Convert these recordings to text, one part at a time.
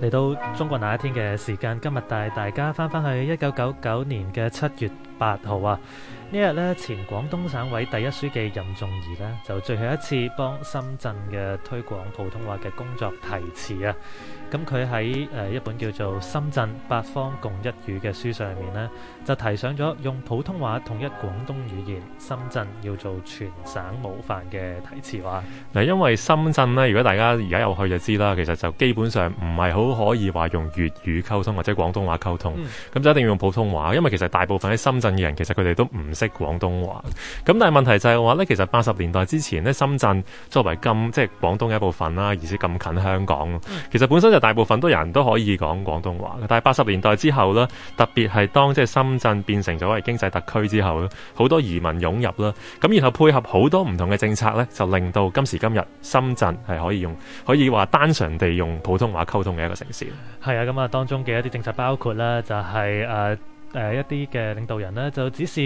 嚟到中國那一天嘅時間，今日帶大家翻翻去一九九九年嘅七月八號啊！呢日呢，前廣東省委第一書記任仲夷呢，就最後一次幫深圳嘅推廣普通話嘅工作題詞啊！咁佢喺誒一本叫做《深圳八方共一語》嘅書上面呢，就提上咗用普通話統一廣東語言，深圳要做全省模範嘅題詞話。嗱，因為深圳呢，如果大家而家有去就知啦，其實就基本上唔係好。都可以話用粵語溝通或者廣東話溝通，咁就一定要用普通話，因為其實大部分喺深圳嘅人其實佢哋都唔識廣東話。咁但係問題就係話呢，其實八十年代之前呢，深圳作為咁即係廣東嘅一部分啦，而且咁近香港，其實本身就大部分都人都可以講廣東話。但係八十年代之後呢，特別係當即係深圳變成咗為經濟特區之後，好多移民湧入啦，咁然後配合好多唔同嘅政策呢，就令到今時今日深圳係可以用可以話單純地用普通話溝通嘅一個城市係啊，咁啊，當中嘅一啲政策包括啦、就是，就係誒誒一啲嘅領導人呢，就指示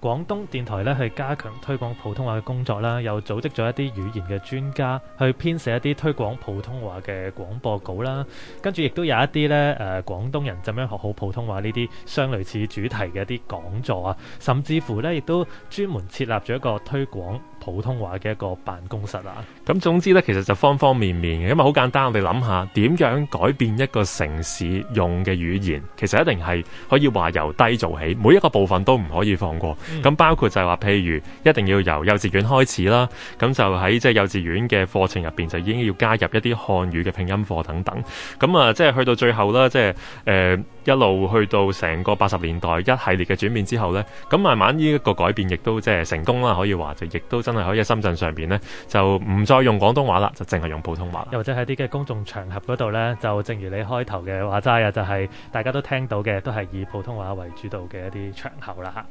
廣東電台咧去加強推廣普通話嘅工作啦。又組織咗一啲語言嘅專家去編寫一啲推廣普通話嘅廣播稿啦。跟住亦都有一啲咧誒廣東人怎樣學好普通話呢啲相類似主題嘅一啲講座啊，甚至乎咧亦都專門設立咗一個推廣。普通話嘅一個辦公室啊，咁總之呢，其實就方方面面嘅，因為好簡單，我哋諗下點樣改變一個城市用嘅語言，其實一定係可以話由低做起，每一個部分都唔可以放過。咁、嗯、包括就係話，譬如一定要由幼稚園開始啦，咁就喺即係幼稚園嘅課程入面，就已經要加入一啲漢語嘅拼音課等等。咁啊，即係去到最後啦，即係誒。呃一路去到成個八十年代一系列嘅轉變之後呢，咁慢慢呢一個改變亦都即係成功啦，可以話就，亦都真係可以喺深圳上面呢，就唔再用廣東話啦，就淨係用普通話啦，又或者喺啲嘅公眾場合嗰度呢，就正如你開頭嘅話齋啊，就係大家都聽到嘅，都係以普通話為主導嘅一啲場合啦。